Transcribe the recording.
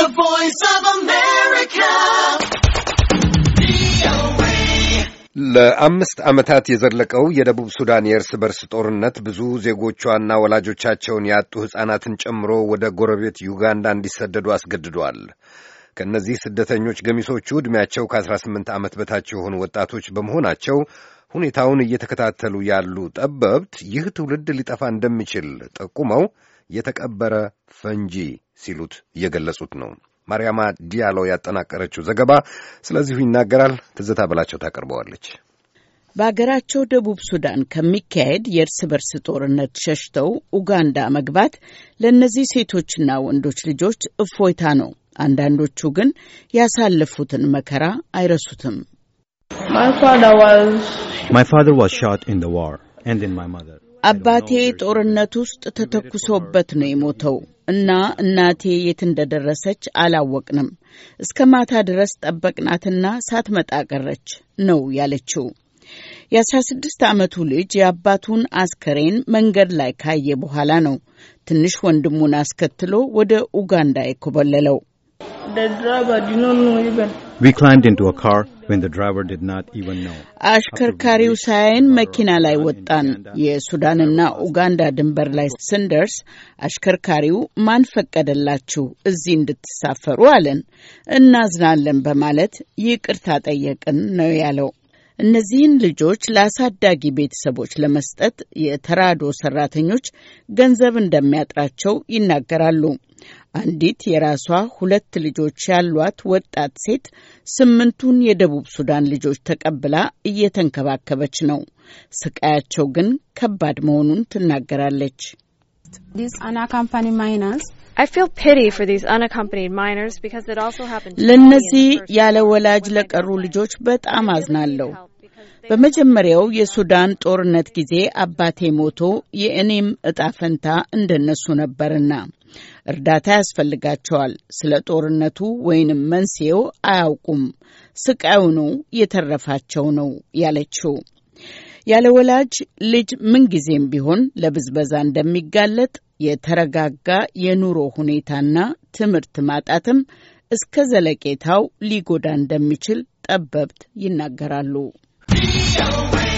The Voice of America. ለአምስት ዓመታት የዘለቀው የደቡብ ሱዳን የእርስ በርስ ጦርነት ብዙ ዜጎቿና ወላጆቻቸውን ያጡ ሕፃናትን ጨምሮ ወደ ጎረቤት ዩጋንዳ እንዲሰደዱ አስገድዷል። ከእነዚህ ስደተኞች ገሚሶቹ ዕድሜያቸው ከ18 ዓመት በታች የሆኑ ወጣቶች በመሆናቸው ሁኔታውን እየተከታተሉ ያሉ ጠበብት ይህ ትውልድ ሊጠፋ እንደሚችል ጠቁመው የተቀበረ ፈንጂ ሲሉት እየገለጹት ነው። ማርያማ ዲያሎ ያጠናቀረችው ዘገባ ስለዚሁ ይናገራል። ትዝታ በላቸው ታቀርበዋለች። በአገራቸው ደቡብ ሱዳን ከሚካሄድ የእርስ በርስ ጦርነት ሸሽተው ኡጋንዳ መግባት ለእነዚህ ሴቶችና ወንዶች ልጆች እፎይታ ነው። አንዳንዶቹ ግን ያሳለፉትን መከራ አይረሱትም። አባቴ ጦርነት ውስጥ ተተኩሶበት ነው የሞተው። እና እናቴ የት እንደደረሰች አላወቅንም። እስከ ማታ ድረስ ጠበቅናትና ሳትመጣ ቀረች ነው ያለችው። የ16 ዓመቱ ልጅ የአባቱን አስከሬን መንገድ ላይ ካየ በኋላ ነው ትንሽ ወንድሙን አስከትሎ ወደ ኡጋንዳ የኮበለለው። አሽከርካሪው ሳይን መኪና ላይ ወጣን። የሱዳንና ኡጋንዳ ድንበር ላይ ስንደርስ አሽከርካሪው ማን ፈቀደላችሁ እዚህ እንድትሳፈሩ አለን። እናዝናለን በማለት ይቅርታ ጠየቅን ነው ያለው። እነዚህን ልጆች ለአሳዳጊ ቤተሰቦች ለመስጠት የተራዶ ሰራተኞች ገንዘብ እንደሚያጥራቸው ይናገራሉ። አንዲት የራሷ ሁለት ልጆች ያሏት ወጣት ሴት ስምንቱን የደቡብ ሱዳን ልጆች ተቀብላ እየተንከባከበች ነው። ስቃያቸው ግን ከባድ መሆኑን ትናገራለች። ለእነዚህ ያለ ወላጅ ለቀሩ ልጆች በጣም አዝናለሁ። በመጀመሪያው የሱዳን ጦርነት ጊዜ አባቴ ሞቶ የእኔም እጣ ፈንታ እንደነሱ ነበርና እርዳታ ያስፈልጋቸዋል። ስለ ጦርነቱ ወይንም መንስኤው አያውቁም። ስቃዩ ነው የተረፋቸው ነው ያለችው። ያለ ወላጅ ልጅ ምንጊዜም ቢሆን ለብዝበዛ እንደሚጋለጥ የተረጋጋ የኑሮ ሁኔታና ትምህርት ማጣትም እስከ ዘለቄታው ሊጎዳ እንደሚችል ጠበብት ይናገራሉ። Don't wait.